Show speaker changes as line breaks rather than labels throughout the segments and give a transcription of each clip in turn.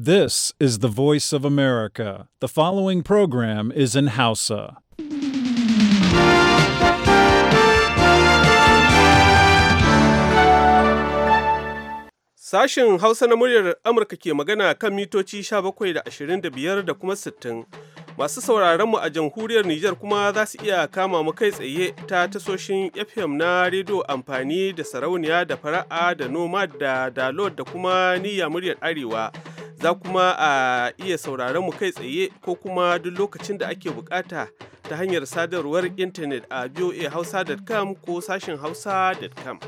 This is the voice of America. The following program is in Hausa.
Sashen Hausa na muryar Amurka ke magana kan mitoci 17 da 25 da kuma 60. Masu sauraron mu a jamhuriyar Nijar kuma za su iya kama mu kai tsaye ta tasoshin FM na rediyo amfani da sarauniya da fara'a da nomad da dalot da kuma niyya muryar Arewa. Za kuma a iya sauraron mu kai tsaye ko kuma duk lokacin da ake bukata ta hanyar sadarwar intanet a voahausa.com ko sashin hausa.com.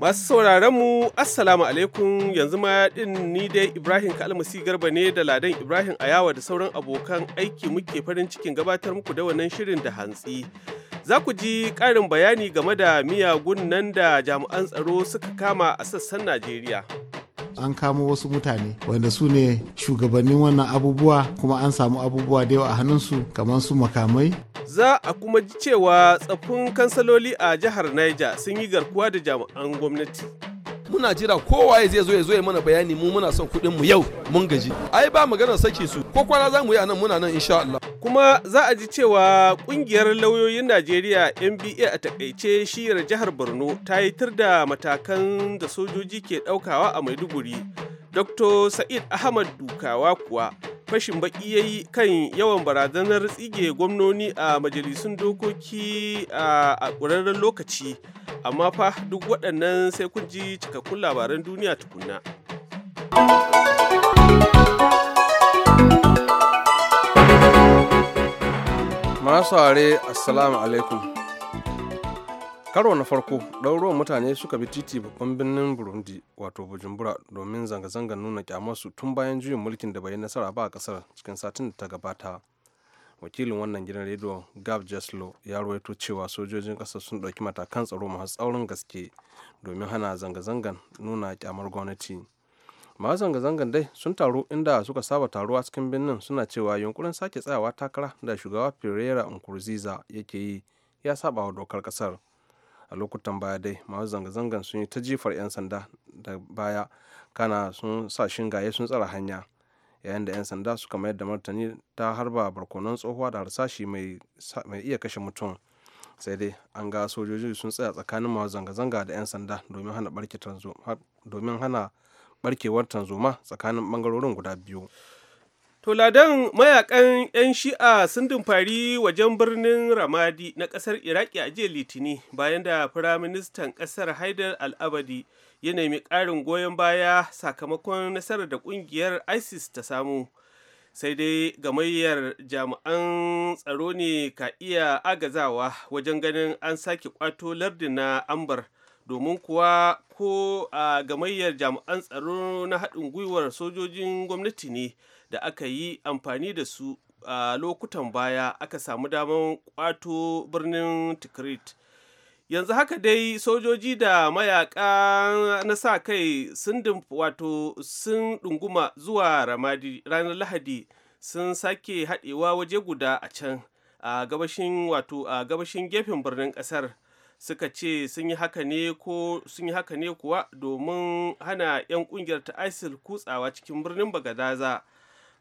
Masu sauraron mu Assalamu alaikum yanzu ma din ni dai Ibrahim Kalmasi Garba ne da Ladan Ibrahim Ayawa da sauran abokan aiki muke farin cikin gabatar muku da wannan shirin da hantsi. Za ku ji ƙarin bayani game da miyagun nan da jami'an tsaro suka kama a sassan Najeriya.
an kamo wasu mutane wanda su ne shugabannin wannan abubuwa kuma an samu abubuwa da yawa a hannunsu kamar su makamai.
Za a kuma ji cewa tsaffin kansaloli a jihar Niger sun yi garkuwa da jami'an gwamnati. muna jira kowaye zai zo ya zo ya mana bayani mu muna son kuɗin mu yau mun gaji ai ba maganar saki su ko kwana
za yi anan muna nan insha Allah
kuma za a ji cewa kungiyar lauyoyin Najeriya NBA a takaice shiyar jihar Borno ta yi tur da matakan da sojoji ke daukawa a Maiduguri Dr. Sa'id Ahmad Dukawa kuwa fashin baki ya yi kan yawan barazanar tsige gwamnoni a majalisun dokoki a ƙwararren lokaci amma fa duk waɗannan sai kun ji cikakkun labaran
duniya tukunna. masu are assalamu alaikum karo na farko ɗauruwan mutane suka bi titi babban birnin burundi wato bujumbura domin zanga-zangar nuna kyamarsu tun bayan juyin mulkin da bai nasara ba a kasar cikin satin da ta gabata wakilin wannan gidan rediyo gav jeslo ya ruwaito cewa sojojin ƙasar sun ɗauki matakan tsaro masu tsaurin gaske domin hana zanga zangan nuna kyamar gwamnati masu zanga zangan dai sun taru inda suka saba taruwa cikin birnin suna cewa yunkurin sake tsayawa takara da shugaba pereira nkurunziza yake yi ya saba wa dokar ƙasar a lokutan baya dai masu zanga-zangan sun yi ta jifar 'yan sanda da baya kana sun sa shingaye sun tsara hanya yayin da 'yan sanda suka mayar da martani ta harba barkonon tsohuwa da harsashi mai iya kashe mutum sai dai an ga sojoji sun tsaya tsakanin masu zanga-zanga da 'yan sanda domin hana barkewar tanzoma tsakanin bangarorin guda biyu To ladan
mayakan 'yan shi'a sun dumfari wajen birnin Ramadi na ƙasar Iraki a jiya Litini bayan da Firaministan ƙasar Haidar Al-Abadi ya nemi ƙarin goyon baya sakamakon nasarar da ƙungiyar ISIS ta samu. Sai dai gamayyar jami'an tsaro ne ka iya agazawa wajen ganin an sake ƙwato lardin na Ambar. domin kuwa ko a gamayyar jami'an tsaro na haɗin gwiwar sojojin gwamnati ne da aka yi amfani da su a lokutan baya aka samu damar kwato birnin tikrit yanzu haka dai sojoji da mayaka na sa kai sun wato sun ɗunguma zuwa ramadi ranar lahadi sun sake haɗewa waje guda a can a gabashin wato a gabashin gefen birnin ƙasar suka ce sun yi haka ne ko sun yi haka ne kuwa domin hana 'yan ƙungiyar ta isil kutsawa cikin birnin bagadaza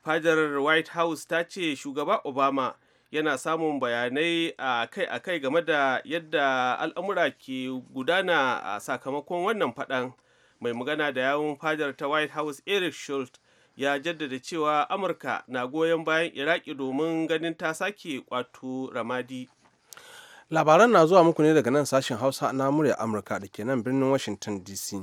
fadar white house ta ce shugaba obama yana samun bayanai a kai a kai game da yadda al'amura ke gudana a sakamakon wannan faɗan mai magana da yawun fadar ta white house eric schultz ya jaddada cewa amurka na goyon bayan iraki domin ganin ta sake kwato ramadi
labaran na zuwa muku ne daga nan sashen hausa na murya amurka da ke nan birnin washington dc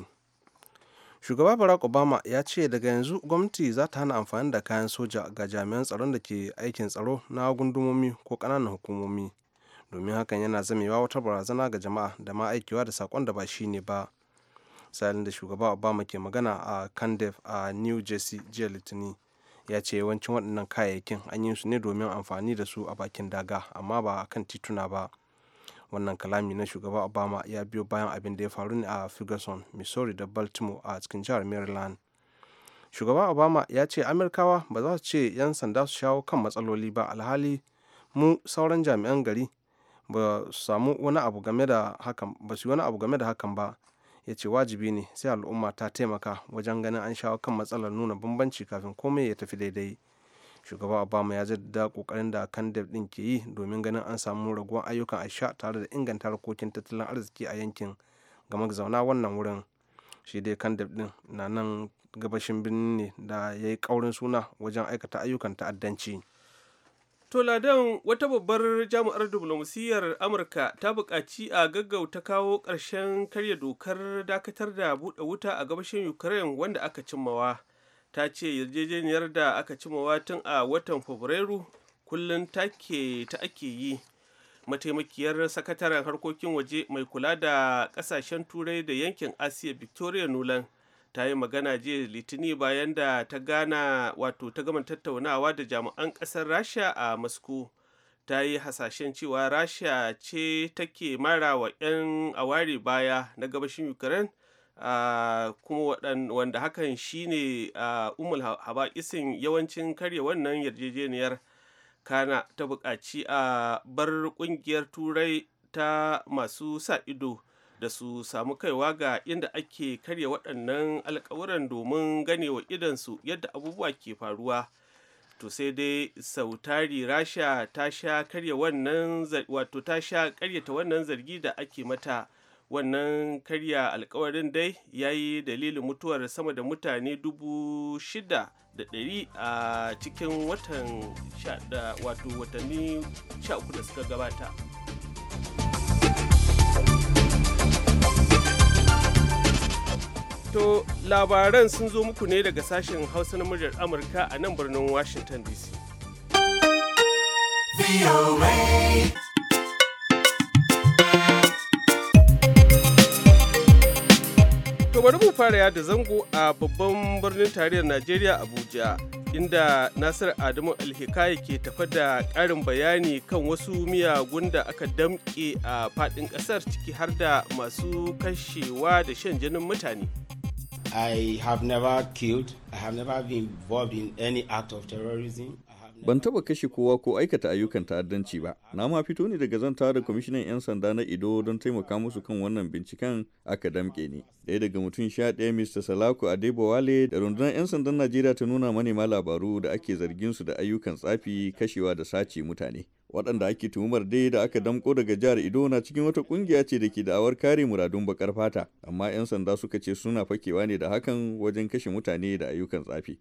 shugaba barack obama ya ce daga yanzu gwamnati za ta hana amfani da kayan soja ga jami'an tsaron da ke aikin tsaro na gundumomi ko ƙananan hukumomi domin hakan yana zamewa wata barazana ga jama'a da ma aikewa da sakon da ba shi ne ba salin da shugaba obama ke magana a kandef a new jersey jiya litinin ya ce yawancin waɗannan kayayyakin an yi su ne domin amfani da su a bakin daga amma ba a kan tituna ba wannan kalami na shugaba obama ya biyo bayan abin da ya faru ne a ferguson missouri da baltimore a cikin jihar maryland shugaba obama ya ce amurkawa ba za su ce 'yan sanda su shawo kan matsaloli ba alhali mu sauran jami'an gari ba su samu wani abu game da hakan ba su wani abu game da hakan ba ya ce wajibi ne sai al'umma ta taimaka wajen ganin an shawo kan matsalar nuna bambanci kafin komai ya tafi daidai shugaba obama ya jaddada kokarin da kandaf din ke yi domin ganin an samu raguwar ayyukan aisha tare da inganta harkokin tattalin arziki a yankin da zauna wannan wurin shi dai kandaf din na nan gabashin birnin ne da ya yi kaurin suna wajen aikata ayyukan ta'addanci
To Ladan wata babbar jami'ar diplomasiyyar Amurka ta buƙaci a gaggauta kawo ƙarshen karya dokar dakatar da buɗe wuta a gabashin Ukraine wanda aka cimmawa. ta ce yarjejeniyar da aka ci tun a watan fabrairu kullum take ta ake yi mataimakiyar sakataren harkokin waje mai kula da kasashen turai da yankin asiya victoria nulan ta yi magana jiya litini bayan da ta gana wato ta gama tattaunawa da jami'an kasar rasha a moscow ta yi hasashen cewa rasha ce take mara wa 'yan awari baya na gabashin ukraine kuma wanda hakan shine umul haba'isin yawancin karya wannan yarjejeniyar kana ta buƙaci a bar ƙungiyar turai ta masu sa ido da su samu kaiwa ga inda ake karya waɗannan alkawuran domin ganewa idansu yadda abubuwa ke faruwa to sai dai sautari rasha ta sha karya wato ta sha karyata wannan zargi da ake mata wannan karya alkawarin dai ya yi dalilin mutuwar sama da mutane dubu shida da ɗari a cikin watan wato watanni sha uku da suka gabata to labaran sun zo muku ne daga sashen hausa na muryar amurka a nan birnin washington dc To bari mu fara yada zango a babban birnin tarihin Najeriya Abuja inda Nasir Adamu Alhikaye ke tafa da ƙarin bayani kan wasu miyagun da aka damƙe a faɗin ƙasar ciki har da masu kashewa da shan jinin mutane.
I have never killed. I have never been involved in any act of terrorism.
ban taba kashe kowa ko aikata ayyukan ta'addanci ba na ma fito ne daga zanta da kwamishinan 'yan sanda na ido don taimaka musu kan wannan binciken aka damke ni ɗaya daga mutum sha ɗaya mr Salaku adebowale da rundunar 'yan sandan najeriya ta nuna manema labaru da ake zargin su da ayyukan tsafi kashewa da sace mutane waɗanda ake tuhumar dai da aka damko daga jihar Ido na cikin wata ƙungiya ce da ke da'awar kare muradun bakar fata amma 'yan sanda suka ce suna fakewa ne da hakan wajen kashe mutane da ayyukan tsafi.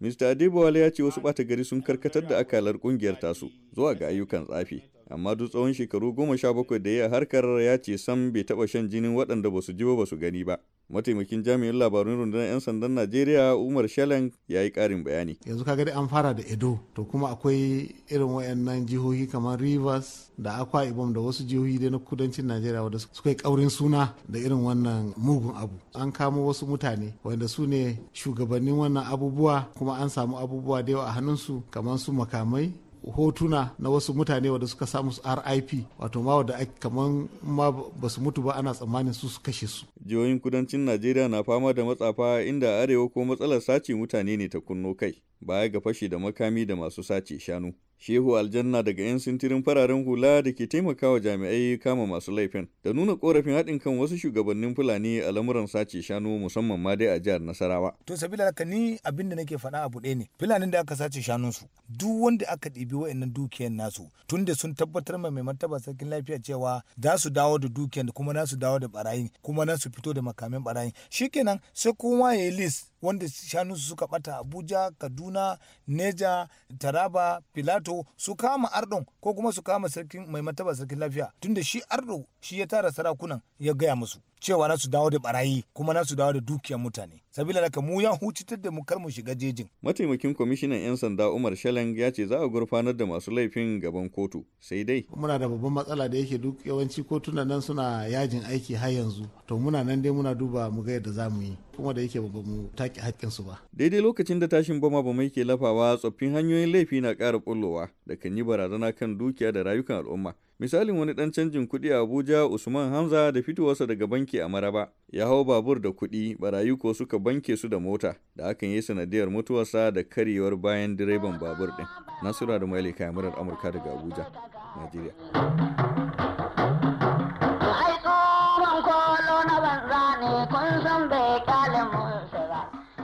Mr. Adebowal ya ce wasu ɓata gari sun karkatar da akalar ƙungiyar tasu zuwa ga ayyukan tsafi amma duk tsawon shekaru goma sha bakwai da ya harkar ya ce sam bai taɓa shan jinin waɗanda ba su ji ba su gani ba mataimakin jami'in labarun rundunar 'yan sandan najeriya umar shalan ya yi ƙarin bayani
yanzu ka gani an fara da edo to kuma akwai irin wayannan jihohi kamar rivers da akwa ibom da wasu jihohi dai na kudancin najeriya wadda suka yi ƙaurin suna da irin wannan mugun abu an kamo wasu mutane wanda su ne shugabannin wannan abubuwa kuma an samu abubuwa da yawa a hannunsu kamar su makamai hotuna na wasu mutane wanda suka samu rip wato ma wadda kaman ma ba su mutu ba ana tsammanin su su kashe su
jihohin kudancin najeriya na fama da matsafa inda arewa ko matsalar sace mutane ne ta kunno kai baya ga fashi da makami da masu sace shanu Shehu Aljanna daga 'yan sintirin fararen hula da ke taimakawa jami'ai kama masu laifin da nuna korafin haɗin kan wasu shugabannin Fulani a lamuran sace shanu musamman ma dai a jihar Nasarawa.
To sabila haka ni abinda da nake faɗa a ɗaya ne. Fulanin da aka sace shanun su duk wanda aka ɗibi wa'annan dukiyan nasu tun da sun tabbatar ma mai martaba sarkin lafiya cewa za su dawo da dukiyar kuma za su dawo da barayin kuma za su fito da makamin barayin shikenan sai kowa ya yi list wanda shanunsu suka bata abuja kaduna neja taraba filato su kama ardon ko kuma su kama sarkin mai mataba sarkin lafiya tunda shi ardo shi ya tara sarakunan ya gaya musu cewa na su dawo da barayi kuma na su dawo da dukiyar mutane sabila daga mu ya hucitar da mu kar mu shiga jejin
mataimakin kwamishinan yan sanda Umar Shalang ya ce za a gurfanar da masu laifin gaban kotu sai dai
muna da babban matsala da yake duk yawanci kotuna nan suna yajin aiki har yanzu to muna nan dai muna duba mu ga yadda zamu yi kuma da yake ba mu take hakkin ba
daidai lokacin da tashin bama ba mai ke lafawa tsoffin hanyoyin laifi na ƙara bullowa da kan yi barazana kan dukiya da rayukan al'umma Misalin wani ɗan canjin kuɗi a Abuja Usman Hamza da fitowarsa daga banki a Maraba ya hau babur da kuɗi barayi ko suka banke su da mota da hakan yi sanadiyar mutuwarsa da karyewar bayan direban babur ɗin. Nasura da Maili murar Amurka daga Abuja, Najeriya.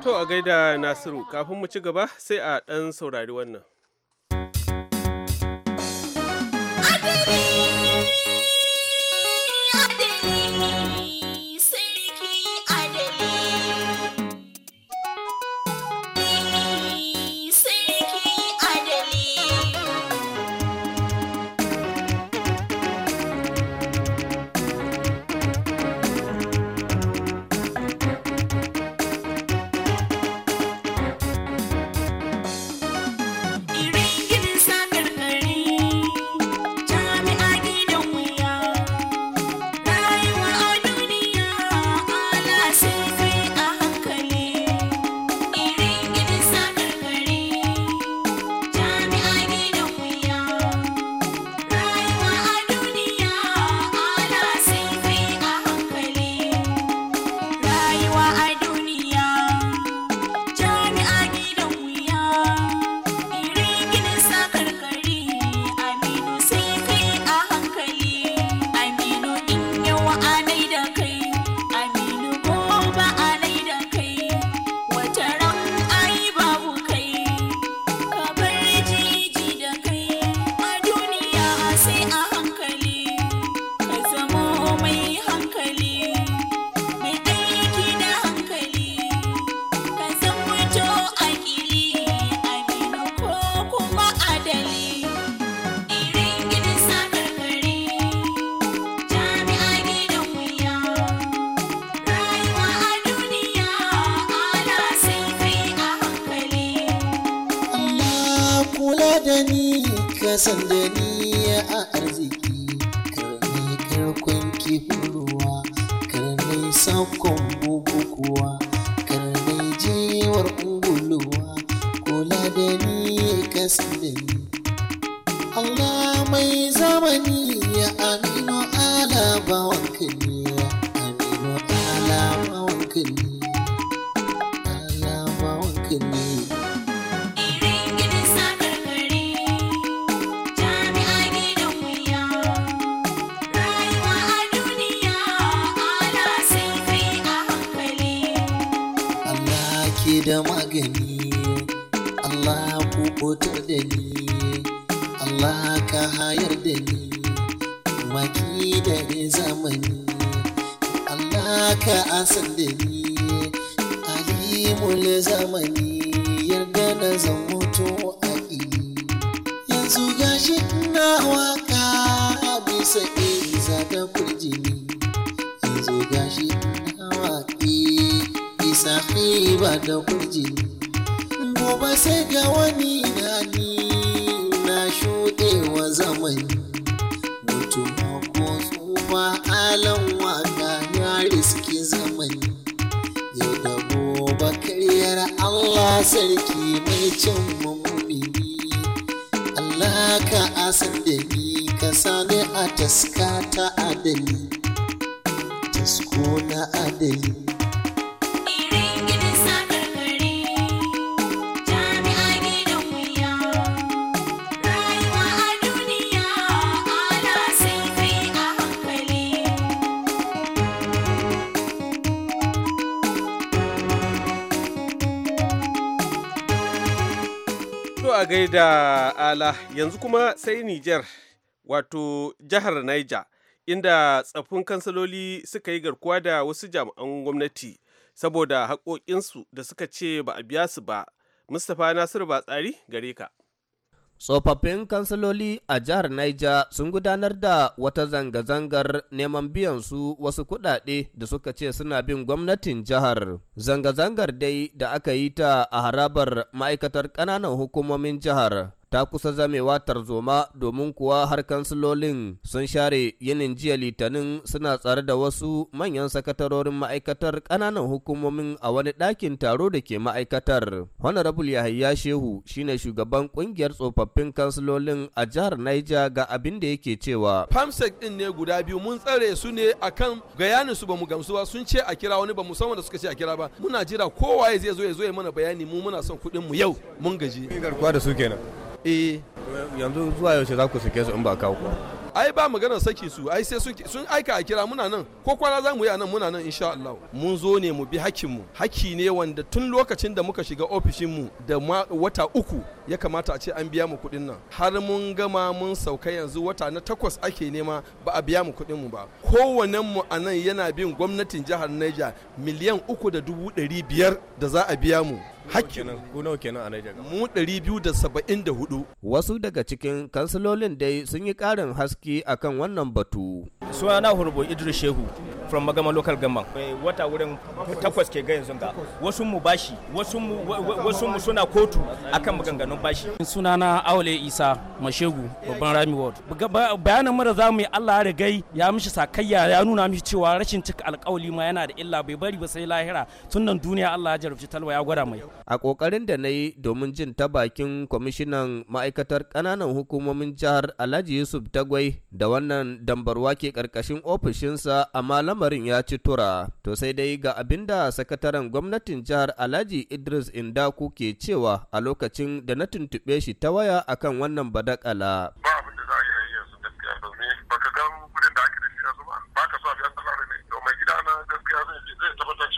To a gaida Nasiru kafin mu ci gaba sai a ɗan saurari wannan.
kasbin Allah mai zamani ya aminu ala bawan wayar da ni waki da zamani Allah ka asan da ni alimul zamani yarda na zan mutu a ili yanzu gashi na waka a bisa iza da kurjini yanzu gashi na waki bisa ba da kurjini gobe sai ga wani na ni buɗewa zamani ma ko tsufa alan waka ya riski zamani ya da gobe karyar allah sarki mai cin mummuni allah ka asar da ni ka sani a taska ta adali tasko na adali
da ala yanzu kuma sai Nijar wato jihar Niger inda tsaffin kansaloli suka yi garkuwa da wasu jami'an gwamnati saboda haƙoƙinsu da suka ce ba a biya su ba. Mustapha Nasiru ba tsari gare ka.
Tsofaffin kansiloli a jihar Niger sun gudanar da wata zanga-zangar neman biyan su wasu kuɗaɗe da suka ce suna bin gwamnatin jihar. Zanga-zangar dai da aka yi ta a harabar ma'aikatar ƙananan hukumomin jihar ta kusa zamewa tarzoma domin kuwa har kansilolin sun share yinin jiya litinin suna tsare da wasu manyan sakatarorin ma'aikatar kananan hukumomin a wani dakin taro da ke ma'aikatar. Honorable Yahaya Shehu shine shugaban ƙungiyar tsofaffin kansilolin a jihar Niger ga abin da yake cewa.
Famsec ɗin ne guda biyu mun tsare su ne akan bayanin su bamu gamsu ba sun ce a kira wani bamu san wanda suka ce a kira ba muna jira kowa zai zo ya zo ya mana bayani mu muna son kuɗin mu yau
mun gaji. Garkuwa da su eh yanzu zuwa yaushe za ku sake su in ba kawo
ai ba maganar saki su ai sai sun aika a kira muna nan ko kwana za mu yi a muna nan insha Allah mun zo ne mu bi hakkin mu hakki ne wanda tun lokacin da muka shiga ofishin mu da wata uku ya kamata a ce an biya mu kuɗin nan har mun gama mun sauka yanzu wata na takwas ake nema ba a biya mu kuɗin mu ba kowannen mu a nan yana bin gwamnatin jihar Niger
miliyan uku da dubu ɗari biyar da za a biya mu hakkin ku nawa kenan a Niger mu 274 wasu daga cikin kansilolin dai sun yi karin haske akan wannan batu sunana Hurbo Idris Shehu from Magama local government wata wurin takwas ke ga yanzu ga wasu mu bashi wasu mu wasu mu suna kotu
akan maganganun bashi na Aule Isa Mashegu babban Rami Ward bayanan mara zamu yi Allah ya gai ya mishi sakayya ya nuna mishi cewa rashin cika alƙawali ma yana da illa bai bari ba sai lahira tun nan duniya Allah ya jarabci talwa ya gwada mai
A ƙoƙarin da na yi domin jin ta bakin kwamishinan ma'aikatar ƙananan hukumomin jihar Alhaji Yusuf Tagwai da wannan dambarwa ke ƙarƙashin ofishinsa amma lamarin ya ci tura. To sai dai ga abin da sakataren gwamnatin jihar Alhaji Idris Indaku ke cewa a lokacin da na tuntuɓe shi ta waya akan wannan badakala.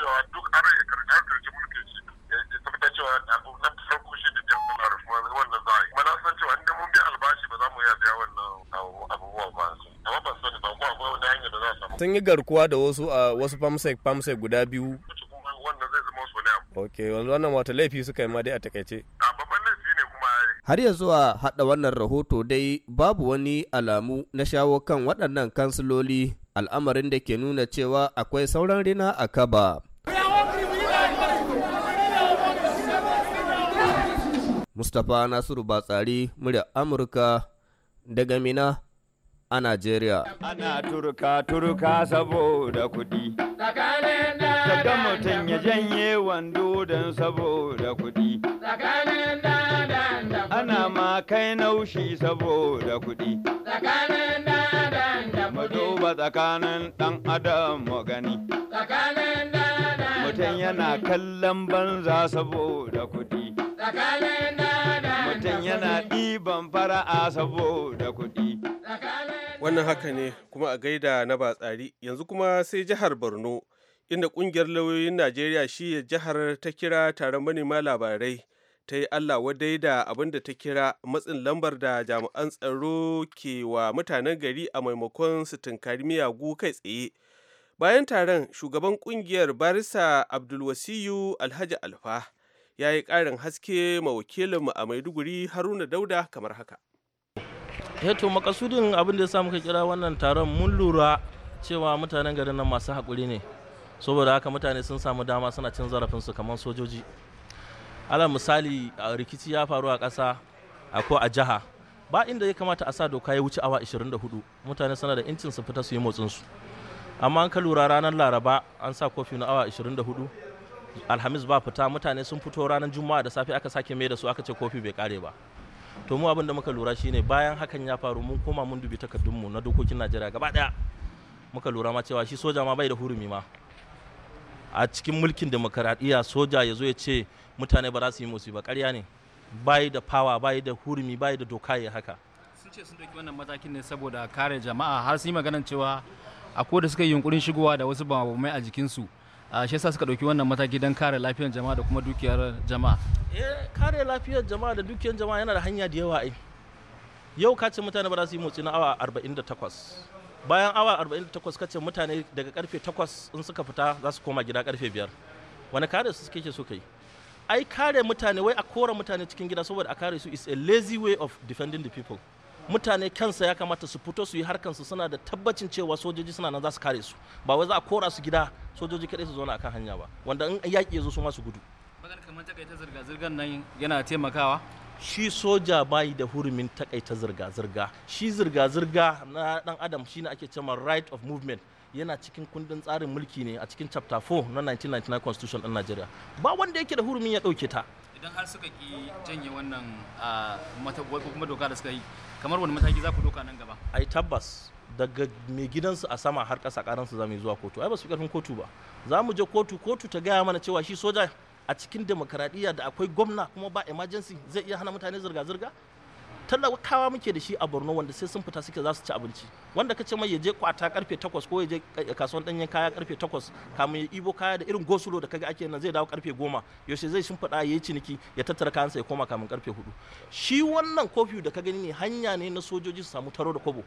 cewa duk an rage karkar karki mulki shi ya tabbata cewa abu na farko shi da biyan kuma rufuwar wannan za a yi. Mana san cewa inda mun bi albashi ba za mu iya biya wannan abubuwan ba. Amma ban sani ba ko akwai wani hanyar da za a
samu. Sun yi garkuwa da wasu a wasu famsek famsek guda biyu. Wannan zai zama wasu ne abu. Ok, wanzu wannan wata laifi suka yi ma dai a takaice. har ya zuwa haɗa wannan rahoto dai babu wani alamu na shawo kan waɗannan kansiloli al'amarin da ke nuna cewa akwai sauran rina a kaba. Mustapha Nasiru Batsari murya Amurka daga Mina a Najeriya.
Ana turka turka saboda kuɗi.
Daga mutum ya
janye wando don saboda kuɗi. Ana ma kai naushi saboda kuɗi. Mu duba tsakanin ɗan adam mu gani. Mutum yana kallon banza saboda kuɗi.
yana
ɗiban fara'a saboda kuɗi. Wannan haka ne kuma a gaida na batsari yanzu kuma sai jihar Borno inda ƙungiyar lauyoyin Najeriya shi jihar ta kira taron manema labarai ta yi Allah wadai da abin da ta kira matsin lambar da jami'an tsaro ke wa mutanen gari a maimakon su tunkari miyagu kai tsaye. Bayan taron shugaban ƙungiyar Barisa Abdulwasiyu Alhaji Alfa ya yi ƙarin haske ma wakilinmu a maiduguri haruna dauda kamar haka eh to makasudin abin da ya
sa muka kira wannan taron mun lura cewa mutanen garin nan masu haƙuri ne saboda haka mutane sun samu dama suna cin su kamar sojoji alal misali a rikici ya faru a ƙasa a ko a jiha ba inda ya kamata a sa doka ya wuce awa 24 mutane suna da incin su fita su yi motsinsu amma an ka lura ranar laraba an sa kofi na awa 24 alhamis ba fita mutane sun fito ranar juma'a da safe aka sake mai da su aka ce kofi bai kare ba to mu abin da muka lura shine bayan hakan ya faru mun koma mun dubi takardunmu na dokokin najeriya gaba daya muka lura ma cewa shi soja ma bai da hurumi ma a cikin mulkin demokaradiyya soja ya zo ya ce mutane ba za su yi motsi ba karya ne bai da fawa bai da hurumi bai da doka ya haka
sun ce sun ɗauki wannan matakin ne saboda
kare jama'a har sun yi maganar cewa a da suka yi yunkurin shigowa da wasu bamamai a jikinsu shi yasa suka ɗauki wannan mataki don kare lafiyar jama'a da kuma dukiyar jama'a eh kare lafiyar jama'a da dukiyar jama'a yana da hanya da yawa ai yau ka ce mutane ba za su yi motsi na awa 48 bayan awa 48 ka ce mutane daga karfe 8 in suka fita za su koma gida karfe 5 wani kare su suke so kai ai kare mutane wai a kora mutane cikin gida saboda a kare su is a lazy way of defending the people mutane kansa ya kamata su fito su yi su suna da tabbacin cewa sojoji suna nan za su kare su ba wai za a kora su gida sojoji kadai su zo kan hanya ba wanda in yaƙi ya zo su ma su gudu magana kamar takaita zirga-zirgar nan yana taimakawa shi soja bayi da hurumin takaita zirga-zirga shi zirga-zirga na dan adam shine ake cewa right of movement yana cikin kundin tsarin mulki ne a cikin chapter 4 na 1999 constitution din Najeriya ba wanda yake da hurumin ya dauke ta idan har suka ki janye wannan matagwai ko kuma doka da suka yi kamar wani mataki za ku doka nan gaba ai tabbas daga mai gidansu a sama har kasa karansu za mu zuwa kotu ai ba su ƙarfin kotu ba za mu je kotu kotu ta gaya mana cewa shi soja a cikin demokaradiyya da akwai gwamna kuma ba emergency zai iya hana mutane zirga-zirga talakawa muke da shi a borno wanda sai sun fita suke za su ci abinci wanda kace mai yaje kwata karfe 8 ko yaje kasuwan danyen kaya karfe 8 kamun ya ibo kaya da irin gosulo da kaga ake nan zai dawo karfe 10 yaushe zai shin fada yayi ciniki ya tattara kayan sa ya koma kamun karfe 4 shi wannan kofi da ka gani ne hanya ne na sojoji su samu taro da kobo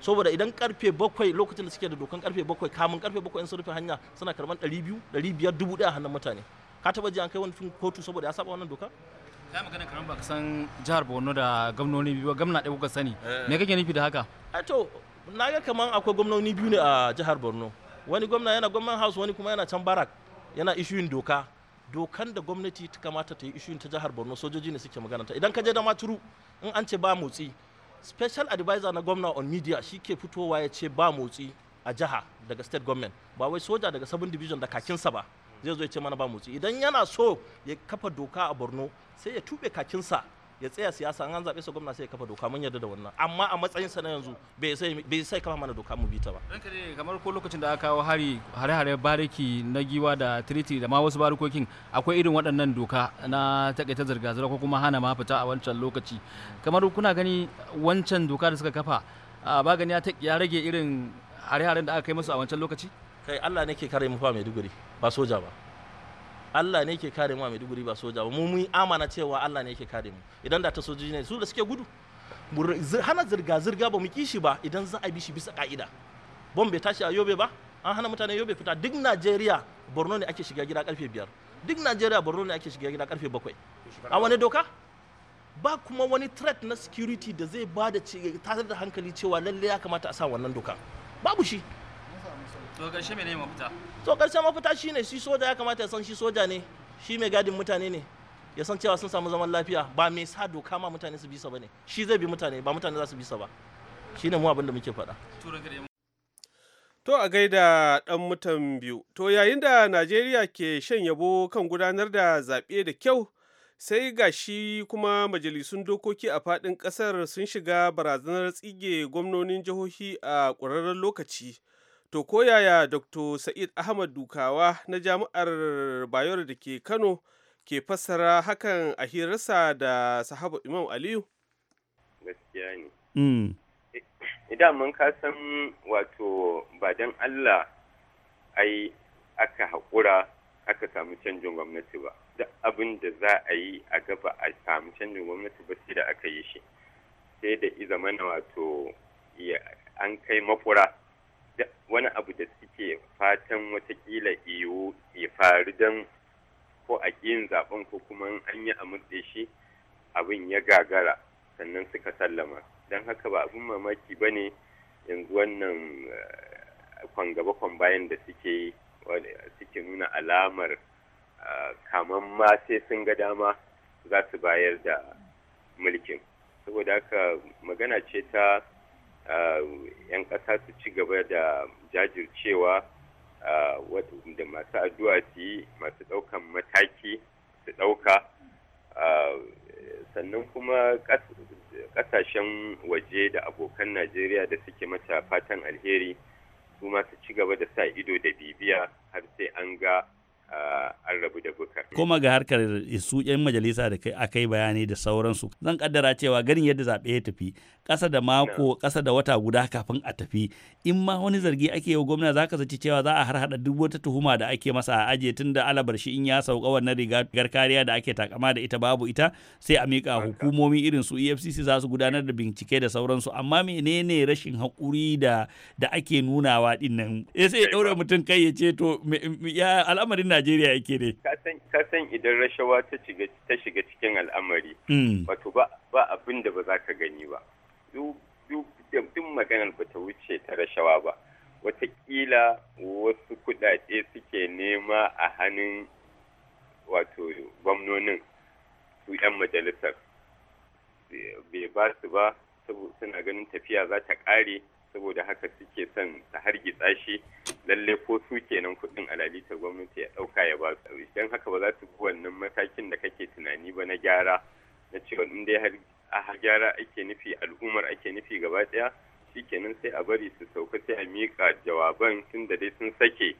saboda idan karfe 7 lokacin da suke da dokan karfe 7 kamun karfe 7 in sun rufe hanya suna karban 200 500 dubu daya hannun mutane ka taba ji an kai wani kotu saboda ya saba wannan doka ya magana kamar ba san jihar borno da gwamnoni biyu gwamna ɗaya kuka sani eh. me kake nufi da haka to na ga kamar akwai gwamnoni biyu ne a jihar borno wani gwamna yana gwamnan house wani kuma yana can barak yana issuing doka dokan da gwamnati ta kamata ta yi issuing ta jihar borno sojoji ne suke magana ta idan ka je da maturu in an ce ba motsi special advisor na gwamna on media shi ke fitowa ya ce ba motsi a jiha daga state government ba wai soja daga 7 division da kakinsa ba zai zo ya ce mana ba motsi idan yana so ya kafa doka a borno sai ya tuɓe kakinsa ya tsaya siyasa an zaɓe sa gwamna sai ya kafa doka mun yarda da wannan amma a matsayinsa na yanzu bai sai kafa mana doka mu bi ta ba kamar ko lokacin da aka kawo hari hare-hare bariki na giwa da triti da ma wasu barikokin akwai irin waɗannan doka na takaita zirga-zirga ko kuma hana ma fita a wancan lokaci kamar kuna gani wancan doka da suka kafa ba gani ya rage irin hare-haren da aka kai musu a wancan lokaci kai Allah ne ke kare mu fa Maiduguri ba soja ba Allah ne ke kare mu a Maiduguri ba soja ba mu mun amana cewa Allah ne ke kare mu idan da ta sojoji ne su da suke gudu hana zirga zirga ba mu kishi ba idan za a bi shi bisa ka'ida bom bai tashi a Yobe ba an hana mutane Yobe fita duk Najeriya Borno ne ake shiga gida karfe biyar duk Najeriya Borno ne ake shiga gida karfe bakwai a wani doka ba kuma wani threat na security da zai ba da tasar da hankali cewa lalle ya kamata a sa wannan doka babu shi to karshe mene mafita to karshe mafita shine shi soja ya kamata ya san shi soja ne shi mai gadin mutane ne ya san cewa sun samu zaman lafiya ba mai sa doka ma mutane su bisa bane shi zai bi mutane ba mutane za su bisa ba
shine mu abin da muke faɗa To a gaida dan mutan biyu, to yayin da Najeriya ke shan yabo kan gudanar da zaɓe da kyau, sai ga shi kuma majalisun dokoki a faɗin ƙasar sun shiga barazanar tsige gwamnonin jihohi a ƙwararren lokaci To ko yaya Dr. Sa'id Ahmad Dukawa na Jami'ar Bayero da ke Kano ke fassara hakan a hirarsa da sahaba Imam Aliyu? Gaskiya ne. Idan mm. eh,
mun kasan wato ba don Allah ai aka haƙura aka samu canjin gwamnati ba. da abin da za a yi a gaba a samu canjin gwamnati ba sai da aka yi shi. Sai da izamana wato an kai makura. wani abu da suke fatan watakila iyo ya faru don ko a ƙin zaɓen ko kuma an yi a murɗe shi abin ya gagara sannan suka sallama don haka ba abin mamaki ba ne yanzu wannan eh, kwan gaba kwan bayan da suke suke nuna alamar eh, kaman ma sai sun ga dama za su bayar da mulkin saboda haka magana ce ta 'yan ƙasa su ci gaba da jajircewa da masu addu'a su yi masu ɗaukan mataki su ɗauka sannan kuma ƙasashen waje da abokan najeriya da suke mata fatan alheri su ma su ci gaba da sa ido da bibiya har sai an ga an rabu da bukar. Kuma
ga harkar su 'yan majalisa da aka yi bayani da sauransu. Zan kaddara cewa ganin yadda zaɓe ya tafi ƙasa da mako ƙasa da wata guda kafin a tafi. In ma wani zargi ake yi wa gwamna za ka zaci cewa za a harhaɗa duk wata tuhuma da ake masa a ajiye tun da alabar shi in ya sauka wannan rigar kariya da ake takama da ita babu ita sai a miƙa hukumomi irin su EFCC za su gudanar da bincike da sauransu amma menene rashin haƙuri da da ake nunawa ɗin nan. Eh, sai ya ɗaure mutum kai ya ce to ya al'amarin na Najeriya yake ne.
Ka san idan rashawa ta shiga cikin al'amari, hmm. wato ba abin da ba za ka gani ba. Duk maganar ba ta wuce ta rashawa ba. Wataƙila wasu kuɗaɗe suke nema a hannun wato gwamnonin su 'yan majalisar. Bai ba su ba, suna ganin tafiya za ta ƙare. saboda haka suke son ta hargitsa shi lalle ko su kenan kuɗin ta gwamnati ya ɗauka ya ba su don haka ba za su bi wannan matakin da kake tunani ba na gyara na cewa in dai har gyara ake nufi al'ummar ake nufi gaba ɗaya kenan sai a bari su sauka sai a miƙa jawaban tun da dai sun sake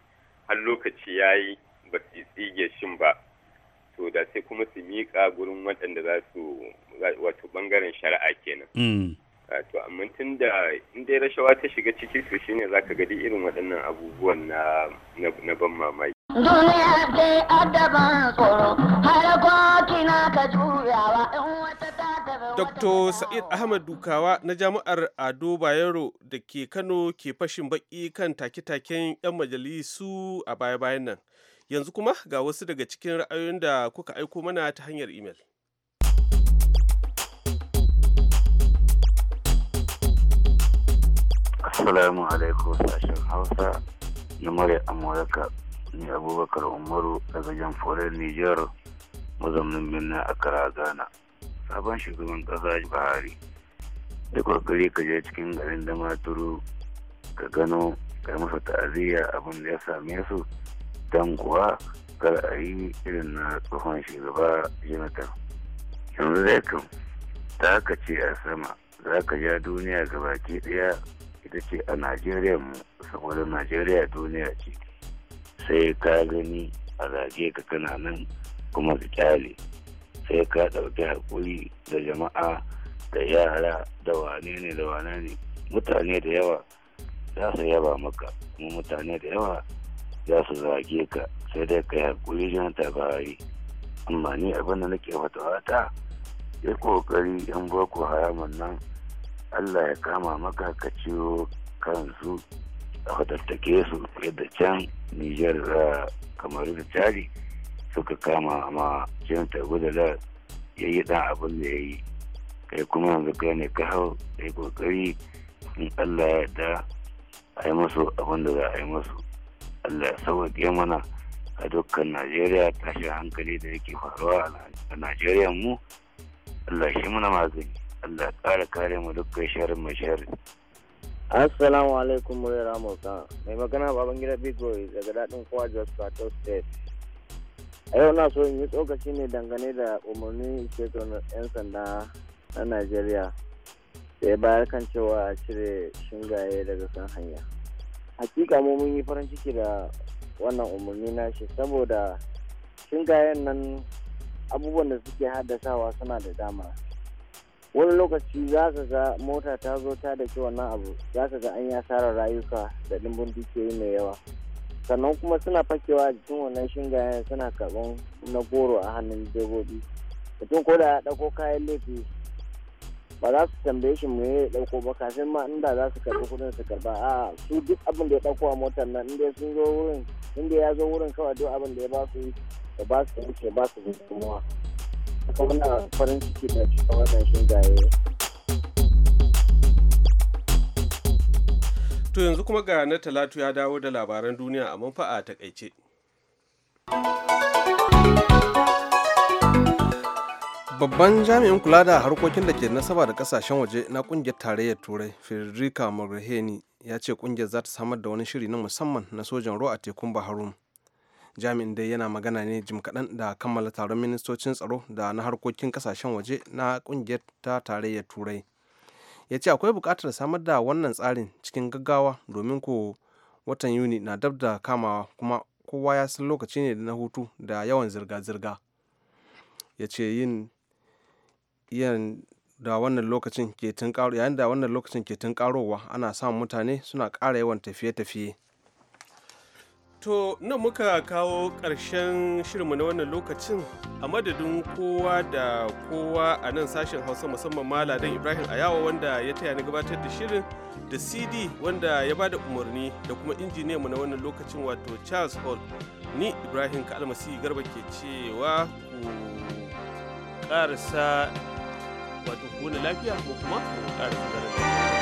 har lokaci ya yi ba su tsige shin ba to da sai kuma su miƙa gurin waɗanda za su wato ɓangaren shari'a kenan. Mm. Eh, to amma tun da in dai rashawa ta shiga ciki to shine zaka gadi irin waɗannan abubuwan na na ban mamaki
duniya ce addaban tsoro har ko kina ka juyawa in wata
Dr. Sa'id Ahmad Dukawa na Jami'ar Ado Bayero da ke Kano ke fashin baƙi kan take-taken 'yan majalisu a baya-bayan nan. Yanzu kuma ga wasu daga cikin ra'ayoyin da kuka aiko mana ta hanyar imel.
Assalamu alaikum sashen Hausa na mara Amurka ne Abubakar Umaru daga jamforar Nijar mazaunin birnin Accra Ghana. Sabon shugaban ƙasa Buhari da kokari ka je cikin garin da maturu ka gano kai masa ta'aziyya abin da ya same su don kuwa kar a yi irin na tsohon shugaba Jonathan. Yanzu zai kan ta ka ce a sama za ka ja duniya gabaki ɗaya da ce a najeriya mu saboda najeriya duniya ce sai ka gani a zage ka kana nan kuma ka kyale sai ka ɗauki haƙuri da jama'a da yara da wane ne da wane ne mutane da yawa za su yaba maka kuma mutane da yawa za su zage ka sai dai ka yi haƙuri jan tabari amma ni abin da nake fatawa ta yi ƙoƙari yan boko haramun nan allah ya kama maka ka ciwo kansu a fatattake su yadda can nijar da kamaru da tari suka kama ma da la ya yi dan abin da ya yi kai kuma yanzu kai ne ka hau kai kokari in allah ya da a yi masu abin da za a yi masu allah ya sauwaƙe mana a dukkan najeriya tashin hankali da yake faruwa a najeriya mu allah shi muna magani Allah ƙara kare mu dukkan sharin mu sharin. Assalamu alaikum murai Amurka. Mai magana baban gida Boy daga daɗin kowa Jos Plateau State. A yau na so in yi tsokaci ne dangane da umarnin inspector 'yan sanda na Najeriya. Da ya bayar kan cewa a cire shingaye daga kan hanya. Hakika mu mun yi farin ciki da wannan umarni nashi saboda shingayen nan abubuwan da suke haddasawa suna da dama. wani lokaci za ka ga mota ta zo ta da wannan abu za ka ga an ya asarar rayuka da dimbin dukiyoyi mai yawa sannan kuma suna fakewa a jikin wannan shingayen suna karɓan na goro a hannun direbobi mutum ko da ya ɗauko kayan laifi ba za su tambaye shi me ya ɗauko ba kafin ma inda za su karɓi kuɗin su karɓa a su duk abin da ya ɗauko a motar nan inda sun zo wurin inda ya zo wurin kawai duk abin da ya ba su ba su wuce ba su gudunmuwa
kuma
To yanzu kuma ga na talatu ya dawo da labaran duniya a manfa'a takaice.
Babban jami'in kula da harkokin da ke nasaba da kasashen waje na kungiyar tarayyar turai Federica Mogherini ya ce kungiyar za ta samar da wani shiri na musamman na sojan ruwa a tekun Baharum jami'in dai yana magana ne jim kaɗan da kammala taron ministocin tsaro da na harkokin kasashen waje na ƙungiyar ta tarayyar turai ya ce akwai buƙatar samar da wannan tsarin cikin gaggawa domin ko watan yuni na dab da kamawa kuma kowa ya san lokaci ne na hutu da yawan zirga-zirga ya ce yin da wannan lokacin ke yayin da tunkarowa ana samun mutane suna ƙara yawan tafiye-tafiye
To, nan muka kawo ƙarshen shirinmu na wannan lokacin a madadin kowa da kowa a nan sashen Hausa musamman Maladan Ibrahim Ayawa wanda ya taya ni gabatar da shirin da CD wanda ya bada umarni da kuma injiniyanmu na wannan lokacin wato Charles Hall. Ni Ibrahim ka almasi Garba ke cewa ku ƙarasa wato kuna lafiya ko kuma ku ƙarasa